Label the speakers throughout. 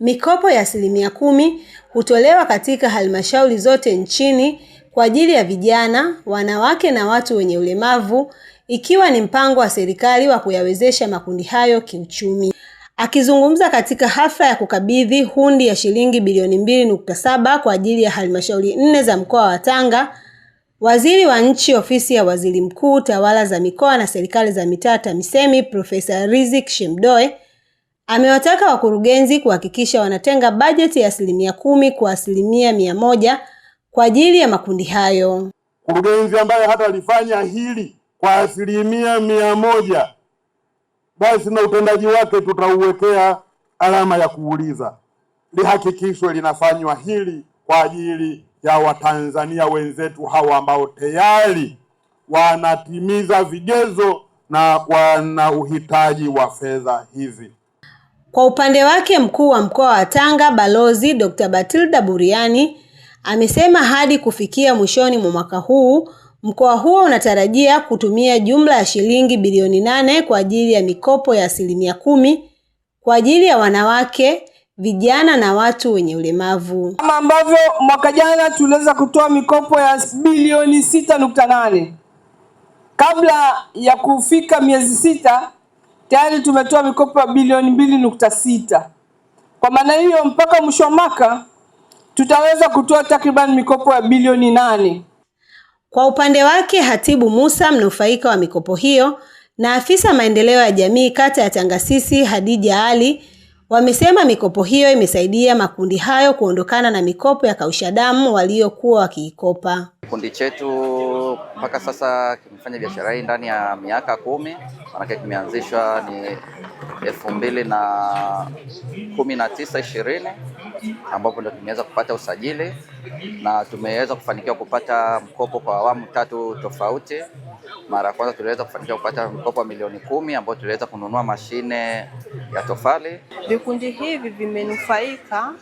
Speaker 1: Mikopo ya asilimia kumi hutolewa katika halmashauri zote nchini kwa ajili ya vijana, wanawake na watu wenye ulemavu ikiwa ni mpango wa serikali wa kuyawezesha makundi hayo kiuchumi. Akizungumza katika hafla ya kukabidhi hundi ya shilingi bilioni mbili nukta saba kwa ajili ya halmashauri nne za mkoa wa Tanga, Waziri wa Nchi, Ofisi ya Waziri Mkuu, Tawala za Mikoa na Serikali za Mitaa, TAMISEMI, Profesa Riziki Shemdoe Amewataka wakurugenzi kuhakikisha wanatenga bajeti ya asilimia kumi kwa asilimia mia moja kwa ajili ya makundi hayo.
Speaker 2: Mkurugenzi ambaye hata alifanya hili kwa asilimia mia moja, basi na utendaji wake tutauwekea alama ya kuuliza. Lihakikishwe linafanywa hili kwa ajili ya Watanzania wenzetu hawa ambao tayari wanatimiza vigezo na wana uhitaji wa fedha hizi.
Speaker 1: Kwa upande wake mkuu wa mkoa wa Tanga Balozi Dr. Batilda Buriani amesema hadi kufikia mwishoni mwa mwaka huu mkoa huo unatarajia kutumia jumla ya shilingi bilioni nane kwa ajili ya mikopo ya asilimia kumi kwa ajili ya wanawake, vijana na watu wenye ulemavu.
Speaker 3: Kama ambavyo mwaka jana tuliweza kutoa mikopo ya bilioni sita nukta nane kabla ya kufika miezi sita tayari tumetoa mikopo ya bilioni mbili nukta sita. Kwa maana hiyo mpaka mwisho wa mwaka tutaweza kutoa takriban mikopo ya bilioni nane.
Speaker 1: Kwa upande wake Hatibu Musa, mnufaika wa mikopo hiyo na afisa maendeleo ya jamii kata ya Tangasisi Hadija Ali Wamesema mikopo hiyo imesaidia makundi hayo kuondokana na mikopo ya kausha damu waliokuwa wakiikopa.
Speaker 4: Kikundi chetu mpaka sasa kimefanya biashara hii ndani ya miaka kumi, maanake kimeanzishwa ni elfu mbili na kumi na tisa ishirini ambapo ndo tumeweza kupata usajili na tumeweza kufanikiwa kupata mkopo kwa awamu tatu tofauti. Mara ya kwanza tuliweza kufanikiwa kupata mkopo wa milioni kumi ambao tuliweza kununua mashine ya tofali.
Speaker 5: Vikundi hivi vimenufaika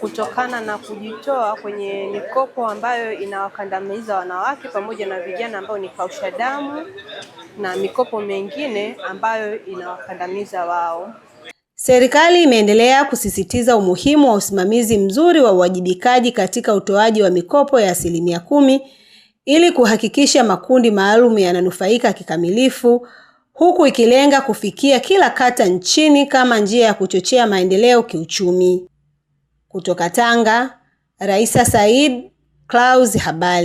Speaker 5: kutokana na kujitoa kwenye mikopo ambayo inawakandamiza wanawake pamoja na vijana ambao ni kausha damu na mikopo mingine ambayo inawakandamiza wao.
Speaker 1: Serikali imeendelea kusisitiza umuhimu wa usimamizi mzuri wa uwajibikaji katika utoaji wa mikopo ya asilimia kumi ili kuhakikisha makundi maalum yananufaika kikamilifu, huku ikilenga kufikia kila kata nchini kama njia ya kuchochea maendeleo kiuchumi. Kutoka Tanga, Raisa Said, Clouds Habari.